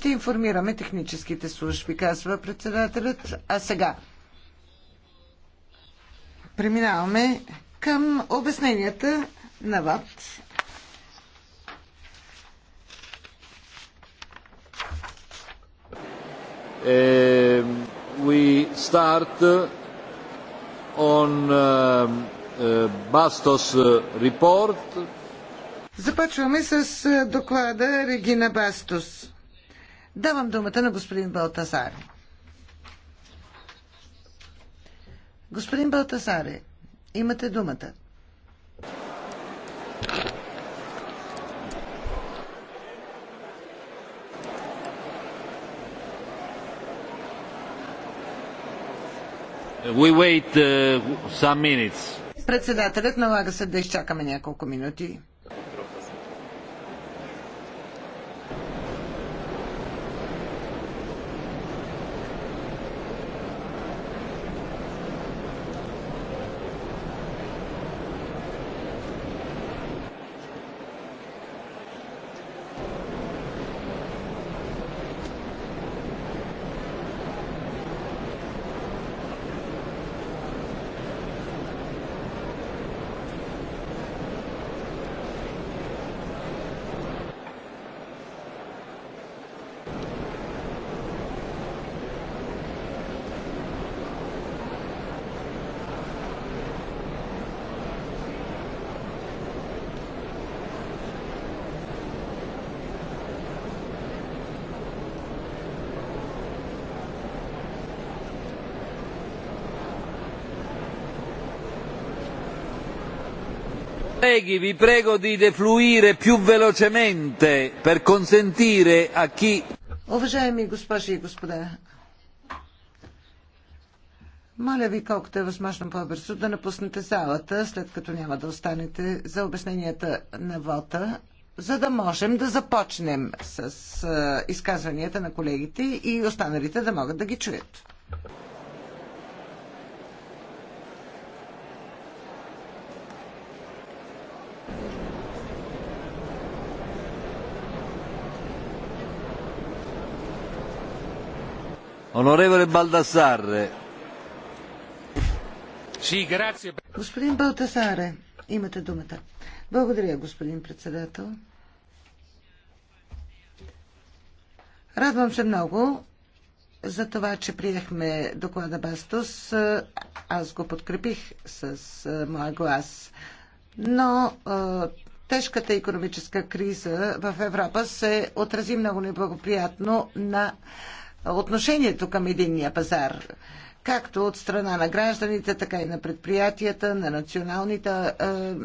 Ще информираме техническите служби, казва председателят. А сега преминаваме към обясненията на ВАД. Uh, we start uh, on uh, uh, Bastos uh, report. Започваме с uh, доклада Регина Бастос. Давам думата на господин Балтазаре. Господин Балтазаре, имате думата. We wait, uh, some minutes. Председателят налага се да изчакаме няколко минути. Colleghi, vi prego di defluire più velocemente per consentire a chi... Уважаеми госпожи и господа, моля ви колкото е възможно по-бързо да напуснете залата, след като няма да останете за обясненията на вота, за да можем да започнем с изказванията на колегите и останалите да могат да ги чуят. Onorevole Балдасаре. Господин Балтасаре, имате думата. Благодаря, господин председател. Радвам се много за това, че приехме доклада Бастос. Аз го подкрепих с моя глас. Но тежката економическа криза в Европа се отрази много неблагоприятно на отношението към единния пазар, както от страна на гражданите, така и на предприятията, на националните е,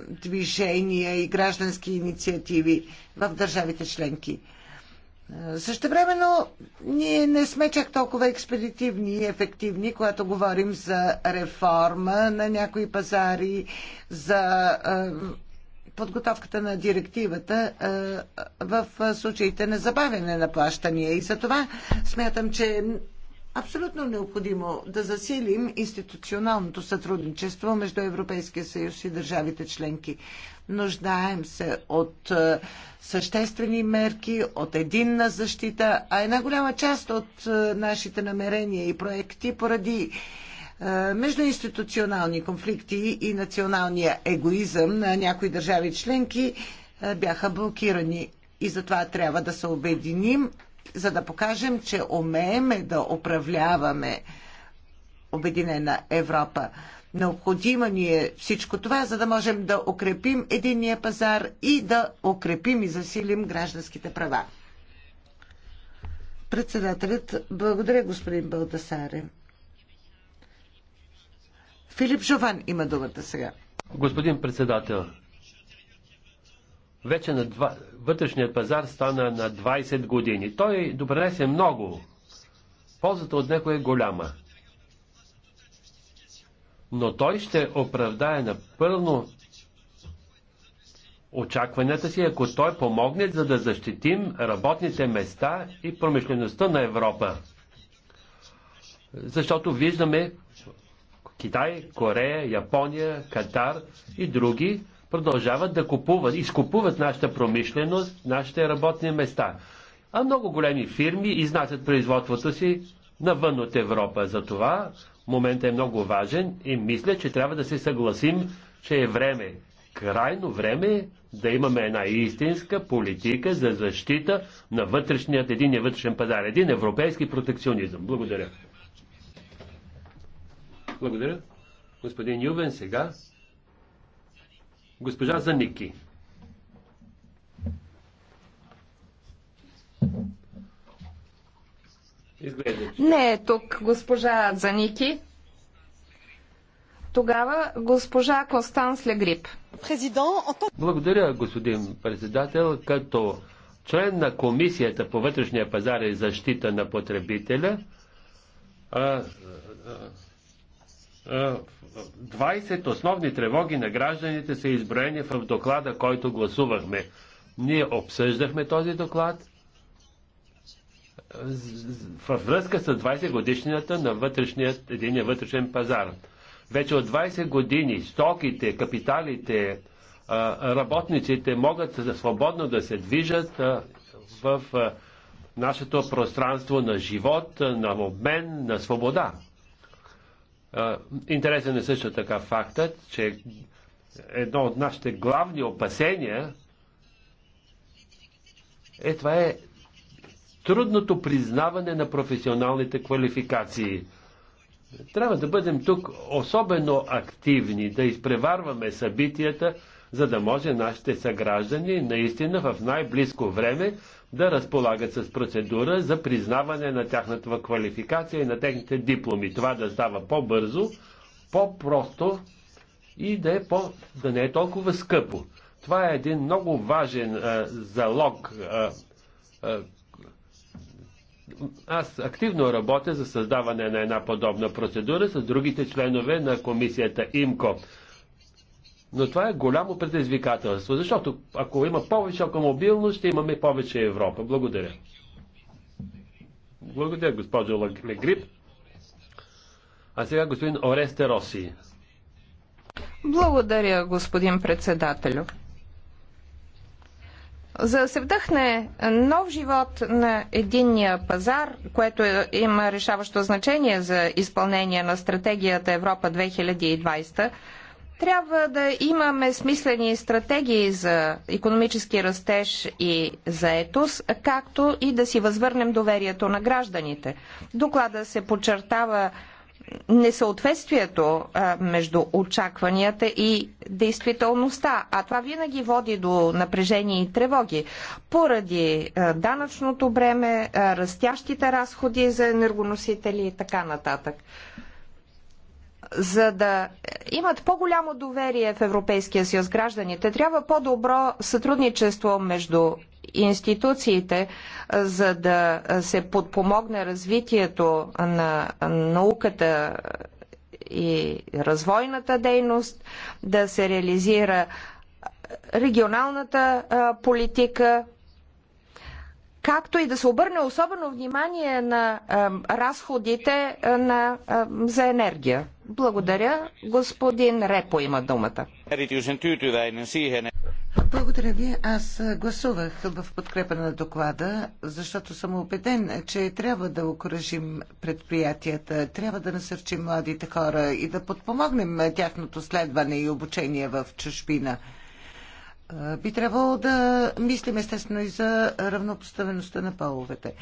движения и граждански инициативи в държавите членки. Също времено ние не сме чак толкова експедитивни и ефективни, когато говорим за реформа на някои пазари, за е, подготовката на директивата в случаите на забавяне на плащания. И за това смятам, че е абсолютно необходимо да засилим институционалното сътрудничество между Европейския съюз и държавите членки. Нуждаем се от съществени мерки, от единна защита, а една голяма част от нашите намерения и проекти поради е, междуинституционални конфликти и националния егоизъм на някои държави членки е, бяха блокирани. И затова трябва да се обединим, за да покажем, че умееме да управляваме Обединена Европа. Необходимо ни е всичко това, за да можем да укрепим единния пазар и да укрепим и засилим гражданските права. Председателят, благодаря господин Балдасаре. Филип Жован има думата сега. Господин председател, вече на два, вътрешният пазар стана на 20 години. Той допренесе много. Ползата от него е голяма. Но той ще оправдае напълно очакванията си, ако той помогне за да защитим работните места и промишлеността на Европа. Защото виждаме Китай, Корея, Япония, Катар и други продължават да купуват, изкупуват нашата промишленост, нашите работни места. А много големи фирми изнасят производството си навън от Европа. Затова моментът е много важен и мисля, че трябва да се съгласим, че е време, крайно време да имаме една истинска политика за защита на вътрешният, един вътрешен пазар, един европейски протекционизъм. Благодаря. Благодаря. Господин Ювен, сега. Госпожа Заники. Не е тук госпожа Заники. Тогава госпожа Костанс Легрип. Благодаря, господин председател. Като член на Комисията по вътрешния пазар и защита на потребителя, 20 е, основни тревоги на гражданите са изброени в доклада, който гласувахме. Ние обсъждахме този доклад във връзка с 20 годишнината на вътрешният, единия вътрешен пазар. Вече от 20 години стоките, капиталите, е, работниците могат свободно да се движат е, в нашето пространство на живот, на обмен, на свобода. Интересен е също така фактът, че едно от нашите главни опасения е това е трудното признаване на професионалните квалификации. Трябва да бъдем тук особено активни, да изпреварваме събитията, за да може нашите съграждани наистина в най-близко време да разполагат с процедура за признаване на тяхната квалификация и на техните дипломи. Това да става по-бързо, по-просто и да, е по, да не е толкова скъпо. Това е един много важен а, залог. А, а, аз активно работя за създаване на една подобна процедура с другите членове на комисията ИМКО. Но това е голямо предизвикателство, защото ако има повече автомобилност, ще имаме повече Европа. Благодаря. Благодаря, госпожо Легрип. А сега господин Оресте Роси. Благодаря, господин председателю. За да се вдъхне нов живот на единния пазар, което е, има решаващо значение за изпълнение на стратегията Европа 2020, трябва да имаме смислени стратегии за економически растеж и заетост, както и да си възвърнем доверието на гражданите. Доклада се подчертава несъответствието между очакванията и действителността, а това винаги води до напрежение и тревоги поради данъчното бреме, растящите разходи за енергоносители и така нататък за да имат по-голямо доверие в Европейския съюз гражданите, трябва по-добро сътрудничество между институциите, за да се подпомогне развитието на науката и развойната дейност, да се реализира регионалната политика, както и да се обърне особено внимание на разходите на, за енергия. Благодаря. Господин Репо има думата. Благодаря ви. Аз гласувах в подкрепа на доклада, защото съм убеден, че трябва да окоръжим предприятията, трябва да насърчим младите хора и да подпомогнем тяхното следване и обучение в чужбина. Е, би трябвало да мислим естествено и за равнопоставеността на половете.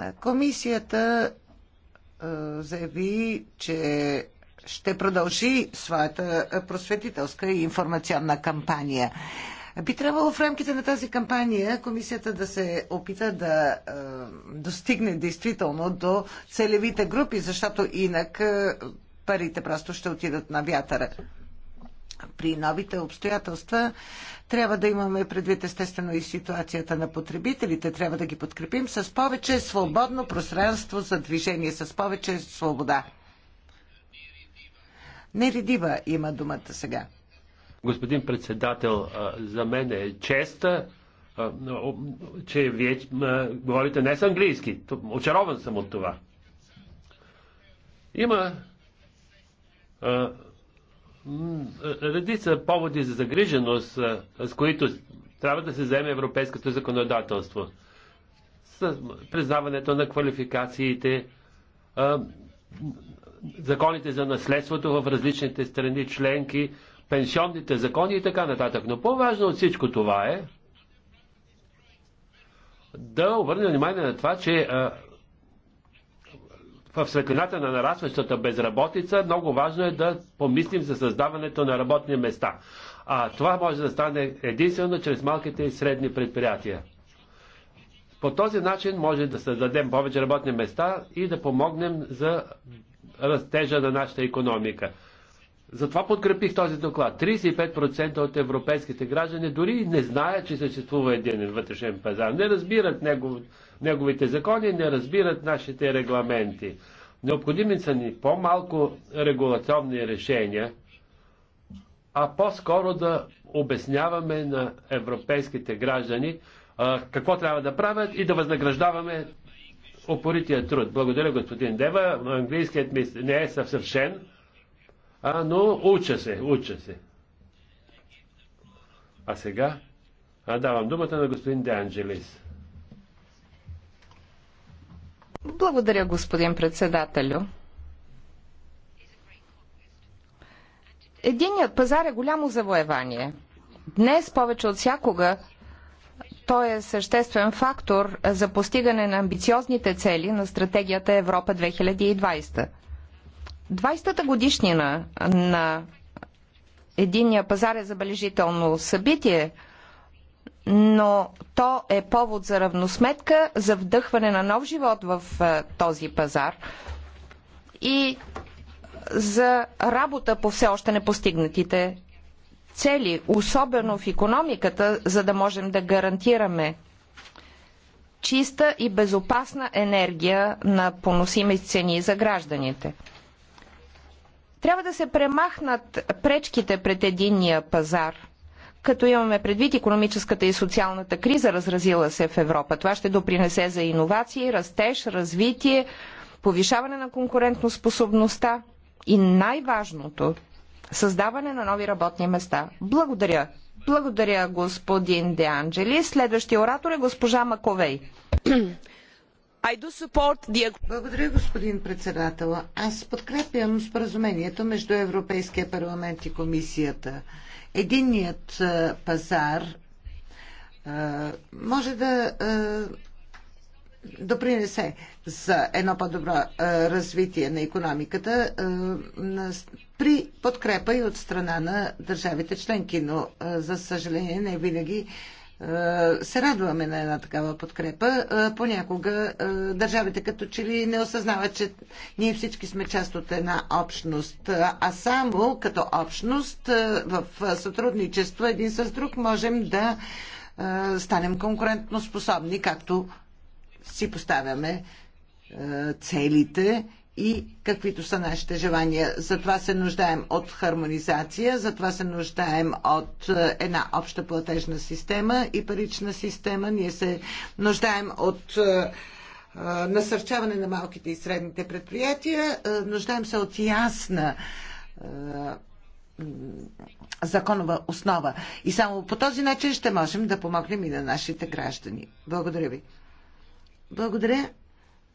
Е, комисията е, заяви, че ще продължи своята просветителска и информационна кампания. Би трябвало в рамките на тази кампания комисията да се опита да е, достигне действително до целевите групи, защото инак е, парите просто ще отидат на вятъра при новите обстоятелства трябва да имаме предвид естествено и ситуацията на потребителите. Трябва да ги подкрепим с повече свободно пространство за движение, с повече свобода. Неридива има думата сега. Господин председател, за мен е честа, че вие говорите не с английски. Очарован съм от това. Има редица поводи за загриженост, с които трябва да се вземе европейското законодателство. С признаването на квалификациите, законите за наследството в различните страни членки, пенсионните закони и така нататък. Но по-важно от всичко това е да обърнем внимание на това, че в светлината на нарастващата безработица, много важно е да помислим за създаването на работни места. А това може да стане единствено чрез малките и средни предприятия. По този начин може да създадем повече работни места и да помогнем за растежа на нашата економика. Затова подкрепих този доклад. 35% от европейските граждани дори не знаят, че съществува един вътрешен пазар. Не разбират негов, неговите закони, не разбират нашите регламенти. Необходими са ни по-малко регулационни решения, а по-скоро да обясняваме на европейските граждани а, какво трябва да правят и да възнаграждаваме опорития труд. Благодаря, господин Дева. Английският ми не е съвършен а, но уча се, уча се. А сега а давам думата на господин Де Анджелис. Благодаря, господин председателю. Единият пазар е голямо завоевание. Днес повече от всякога той е съществен фактор за постигане на амбициозните цели на стратегията Европа 2020. 20-та годишнина на единния пазар е забележително събитие, но то е повод за равносметка, за вдъхване на нов живот в е, този пазар и за работа по все още непостигнатите цели, особено в економиката, за да можем да гарантираме чиста и безопасна енергия на поносими цени за гражданите. Трябва да се премахнат пречките пред единния пазар – като имаме предвид економическата и социалната криза, разразила се в Европа. Това ще допринесе за иновации, растеж, развитие, повишаване на конкурентоспособността и най-важното създаване на нови работни места. Благодаря. Благодаря, господин Де Анджели. Следващия оратор е госпожа Маковей. Благодаря, господин председател. Аз подкрепям споразумението между Европейския парламент и комисията. Единният пазар може да допринесе за едно по-добро развитие на економиката при подкрепа и от страна на държавите членки, но за съжаление не винаги е, се радваме на една такава подкрепа. Е, понякога е, държавите като че ли не осъзнават, че ние всички сме част от една общност, а само като общност в сътрудничество един с друг можем да станем конкурентно способни, както си поставяме целите и каквито са нашите желания. Затова се нуждаем от хармонизация, затова се нуждаем от е, една обща платежна система и парична система. Ние се нуждаем от е, е, насърчаване на малките и средните предприятия, нуждаем се от ясна законова основа. И само по този начин ще можем да помогнем и на нашите граждани. Благодаря ви. Благодаря.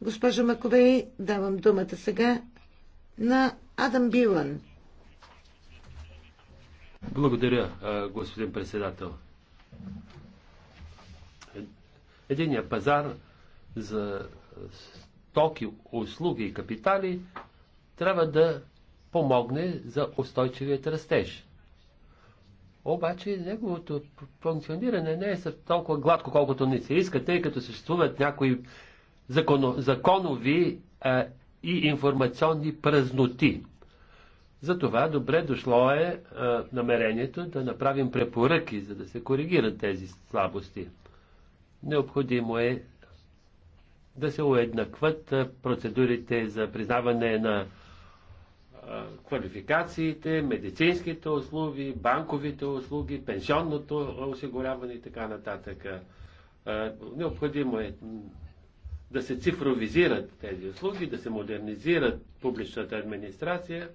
Госпожо Маковей, давам думата сега на Адам Билан. Благодаря, господин председател. Е, Единият пазар за стоки, услуги и капитали трябва да помогне за устойчивият растеж. Обаче неговото функциониране не е толкова гладко, колкото ни се иска, тъй като съществуват някои законови а, и информационни празноти. Затова добре дошло е а, намерението да направим препоръки, за да се коригират тези слабости. Необходимо е да се уеднакват процедурите за признаване на квалификациите, медицинските услуги, банковите услуги, пенсионното осигуряване и така нататък. Необходимо е да се цифровизират тези услуги, да се модернизират публичната администрация,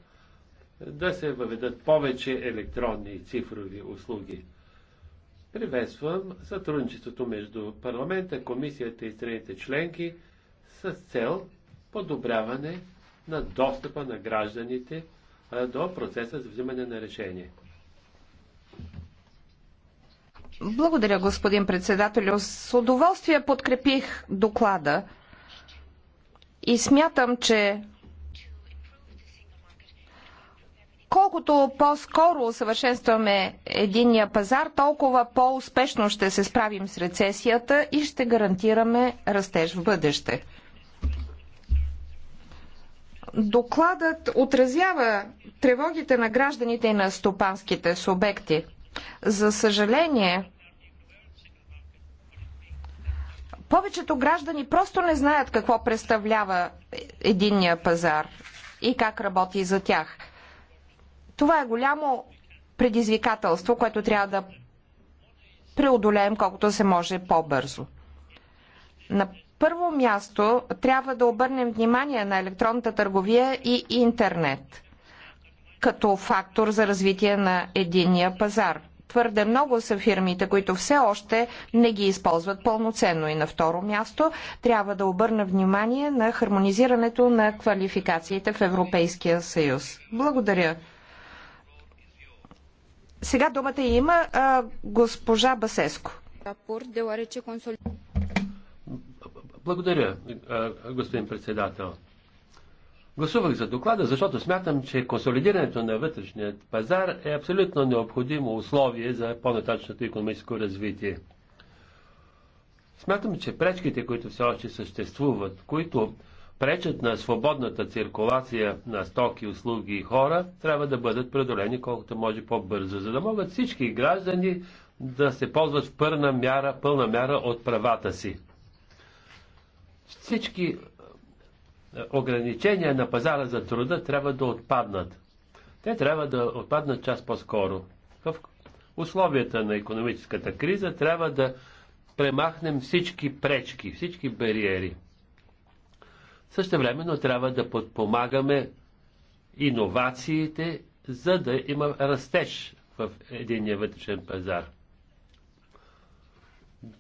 да се въведат повече електронни и цифрови услуги. Приветствам сътрудничеството между парламента, комисията и страните членки с цел подобряване на достъпа на гражданите до процеса за взимане на решение. Благодаря, господин председател. С удоволствие подкрепих доклада и смятам, че колкото по-скоро усъвършенстваме единния пазар, толкова по-успешно ще се справим с рецесията и ще гарантираме растеж в бъдеще. Докладът отразява тревогите на гражданите и на стопанските субекти. За съжаление, Повечето граждани просто не знаят какво представлява единния пазар и как работи за тях. Това е голямо предизвикателство, което трябва да преодолеем колкото се може по-бързо. На първо място трябва да обърнем внимание на електронната търговия и интернет като фактор за развитие на единния пазар – твърде много са фирмите, които все още не ги използват пълноценно. И на второ място трябва да обърна внимание на хармонизирането на квалификациите в Европейския съюз. Благодаря. Сега думата има а, госпожа Басеско. Благодаря, господин председател. Гласувах за доклада, защото смятам, че консолидирането на вътрешният пазар е абсолютно необходимо условие за по-нататъчното економическо развитие. Смятам, че пречките, които все още съществуват, които пречат на свободната циркулация на стоки, услуги и хора, трябва да бъдат преодолени колкото може по-бързо, за да могат всички граждани да се ползват в пълна мяра, пълна мяра от правата си. Всички ограничения на пазара за труда трябва да отпаднат. Те трябва да отпаднат час по-скоро. В условията на економическата криза трябва да премахнем всички пречки, всички бариери. времено трябва да подпомагаме иновациите, за да има растеж в единния вътрешен пазар.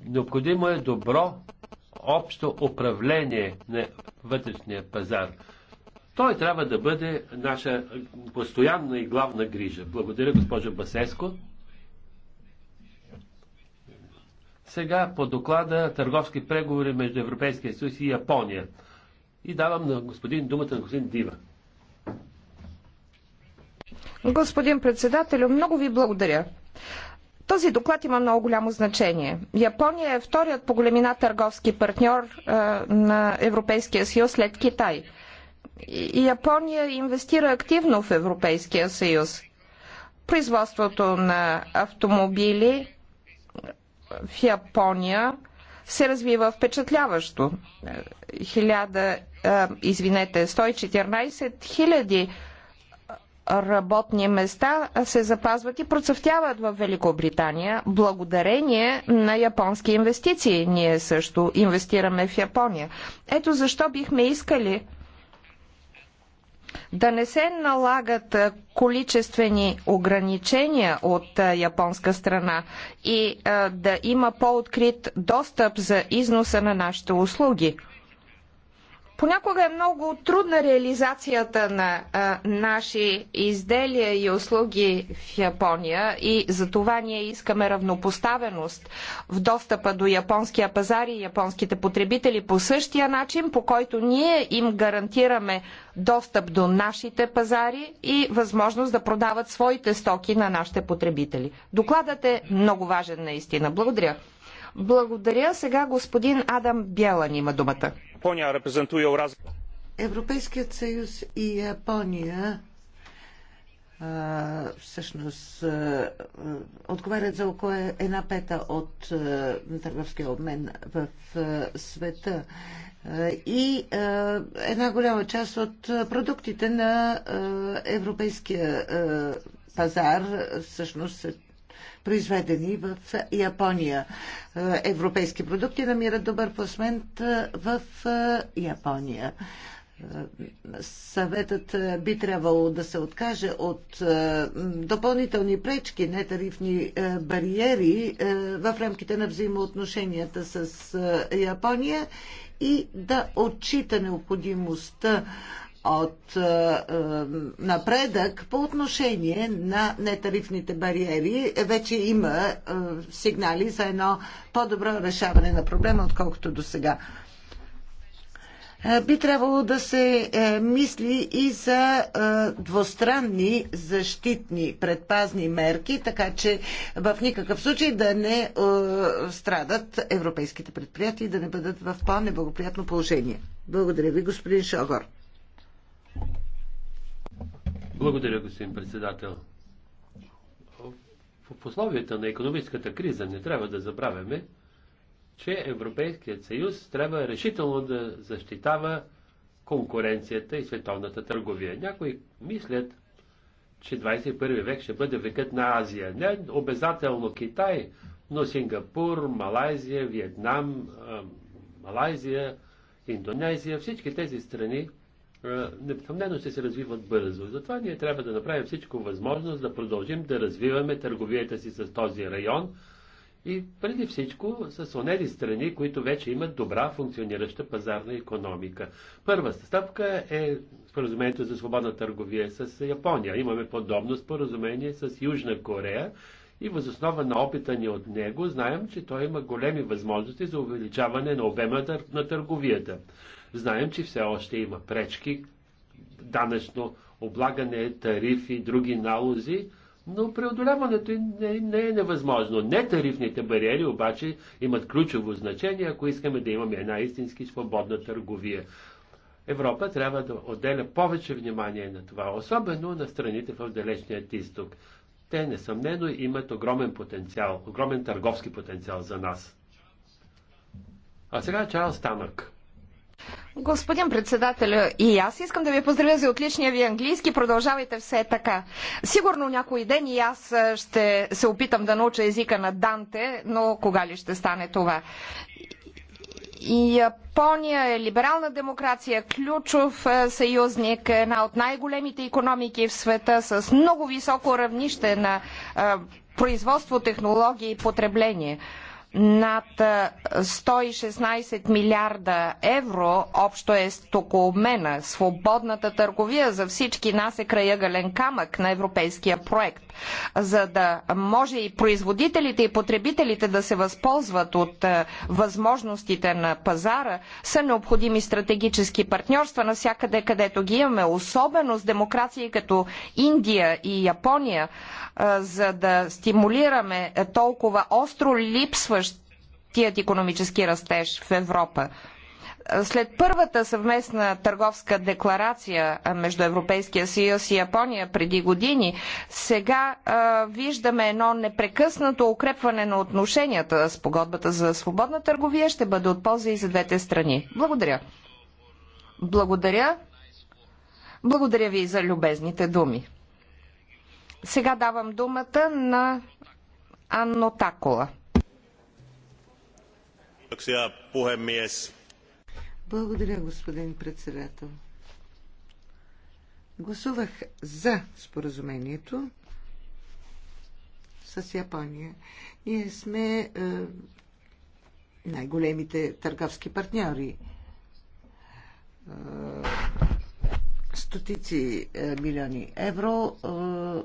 Необходимо е добро общо управление на вътрешния пазар. Той трябва да бъде наша постоянна и главна грижа. Благодаря, госпожо Басеско. Сега по доклада търговски преговори между Европейския съюз и Япония. И давам на господин думата на господин Дива. Господин председател, много ви благодаря. Този доклад има много голямо значение. Япония е вторият по големина търговски партньор е, на Европейския съюз след Китай. Япония инвестира активно в Европейския съюз. Производството на автомобили е, в Япония се развива впечатляващо. 1000, е, извинете, 114 хиляди работни места се запазват и процъфтяват в Великобритания благодарение на японски инвестиции. Ние също инвестираме в Япония. Ето защо бихме искали да не се налагат количествени ограничения от японска страна и да има по-открит достъп за износа на нашите услуги. Понякога е много трудна реализацията на а, наши изделия и услуги в Япония и за това ние искаме равнопоставеност в достъпа до японския пазар и японските потребители по същия начин, по който ние им гарантираме достъп до нашите пазари и възможност да продават своите стоки на нашите потребители. Докладът е много важен наистина. Благодаря. Благодаря. Сега господин Адам Бялан има думата. Япония репрезентуе раз... Европейският съюз и Япония всъщност отговарят за около една пета от търговския обмен в света и една голяма част от продуктите на европейския пазар всъщност се произведени в Япония. Е, европейски продукти намират добър пласмент е, в е, Япония. Съветът би трябвало да се откаже от допълнителни пречки, нетарифни бариери в рамките на взаимоотношенията с Япония и да отчита необходимостта от е, е, напредък по отношение на нетарифните бариери. Вече има е, сигнали за едно по-добро решаване на проблема, отколкото до сега. Би трябвало да се мисли и за двустранни защитни предпазни мерки, така че в никакъв случай да не страдат европейските предприятия и да не бъдат в по-неблагоприятно положение. Благодаря ви, господин Шогор. Благодаря, господин председател. В условията на економическата криза не трябва да забравяме, че Европейският съюз трябва решително да защитава конкуренцията и световната търговия. Някои мислят, че 21 век ще бъде векът на Азия. Не обязателно Китай, но Сингапур, Малайзия, Виетнам, Малайзия, Индонезия, всички тези страни – несъмнено ще се развиват бързо. Затова ние трябва да направим всичко възможност да продължим да развиваме търговията си с този район и преди всичко с онези страни, които вече имат добра функционираща пазарна економика. Първа стъпка е споразумението за свободна търговия с Япония. Имаме подобно споразумение с Южна Корея и възоснова на опита ни от него знаем, че той има големи възможности за увеличаване на обема на търговията. Знаем, че все още има пречки, данъчно облагане, тарифи, други налози, но преодоляването не, не е невъзможно. Нетарифните бариери обаче имат ключово значение, ако искаме да имаме една истински свободна търговия. Европа трябва да отделя повече внимание на това, особено на страните в далечният изток. Те несъмнено имат огромен потенциал, огромен търговски потенциал за нас. А сега Чарлз Танък. Господин председател, и аз искам да ви поздравя за отличния ви английски. Продължавайте все така. Сигурно някой ден и аз ще се опитам да науча езика на Данте, но кога ли ще стане това? Япония е либерална демокрация, ключов съюзник, една от най-големите економики в света с много високо равнище на производство, технологии и потребление над 116 милиарда евро общо е стокообмена. Свободната търговия за всички нас е краягален камък на европейския проект. За да може и производителите и потребителите да се възползват от възможностите на пазара, са необходими стратегически партньорства навсякъде, където ги имаме, особено с демокрации като Индия и Япония, за да стимулираме толкова остро липсващият економически растеж в Европа. След първата съвместна търговска декларация между Европейския съюз и Япония преди години, сега а, виждаме едно непрекъснато укрепване на отношенията с погодбата за свободна търговия. Ще бъде от полза и за двете страни. Благодаря. Благодаря. Благодаря ви за любезните думи. Сега давам думата на Анно Такола. Благодаря, господин председател. Гласувах за споразумението с Япония. Ние сме е, най-големите търговски партньори. Е, стотици е, милиони евро. Е,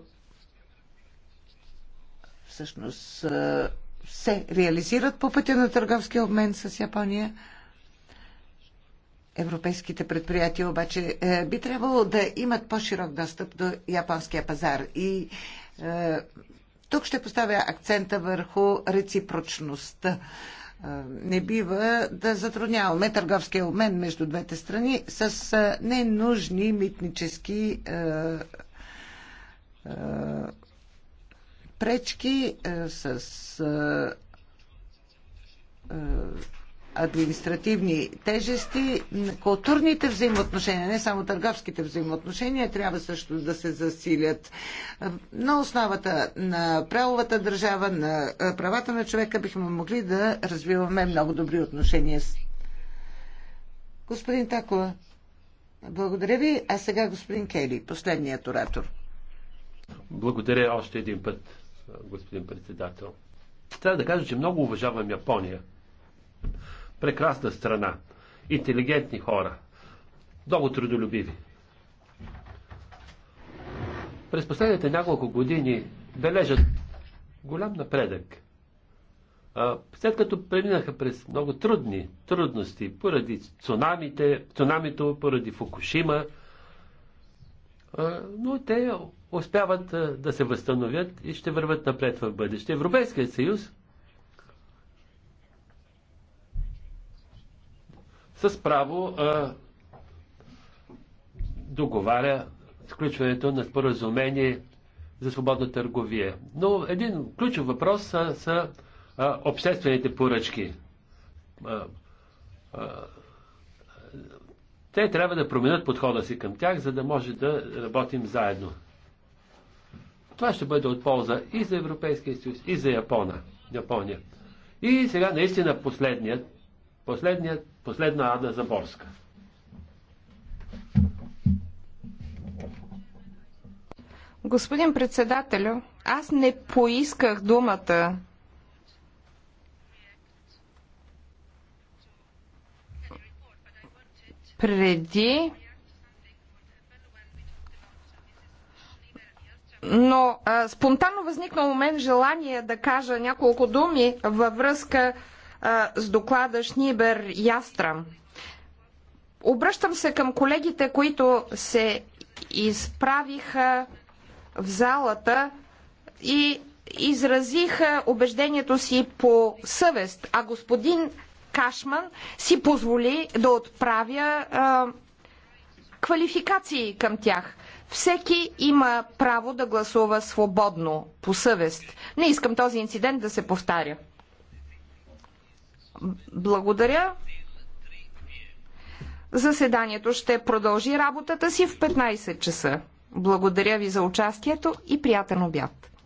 всъщност се реализират по пътя на търговския обмен с Япония. Европейските предприятия обаче е, би трябвало да имат по-широк достъп до японския пазар. И е, тук ще поставя акцента върху реципрочността. Е, не бива да затрудняваме търговския обмен между двете страни с е, ненужни митнически е, е, пречки, е, с е, е, административни тежести, културните взаимоотношения, не само търговските взаимоотношения, трябва също да се засилят на основата на правовата държава, на правата на човека, бихме могли да развиваме много добри отношения. Господин Такова, благодаря ви. А сега господин Кели, последният оратор. Благодаря още един път господин председател. Трябва да кажа, че много уважавам Япония. Прекрасна страна. Интелигентни хора. Много трудолюбиви. През последните няколко години бележат голям напредък. след като преминаха през много трудни трудности, поради цунамите, цунамито, поради Фукушима, но те успяват да се възстановят и ще върват напред в бъдеще. Европейският съюз с право договаря сключването на споразумение за свободна търговия. Но един ключов въпрос са, са а, обществените поръчки. а, те трябва да променят подхода си към тях, за да може да работим заедно. Това ще бъде от полза и за Европейския съюз, и за Япона, Япония. И сега наистина последният, последният, последна Ада Заборска. Господин председателю, аз не поисках думата преди. Но а, спонтанно възникна у мен желание да кажа няколко думи във връзка а, с доклада Шнибер Ястрам. Обръщам се към колегите, които се изправиха в залата и изразиха убеждението си по съвест. А господин Кашман си позволи да отправя а, квалификации към тях. Всеки има право да гласува свободно, по съвест. Не искам този инцидент да се повтаря. Благодаря. Заседанието ще продължи работата си в 15 часа. Благодаря ви за участието и приятен обяд.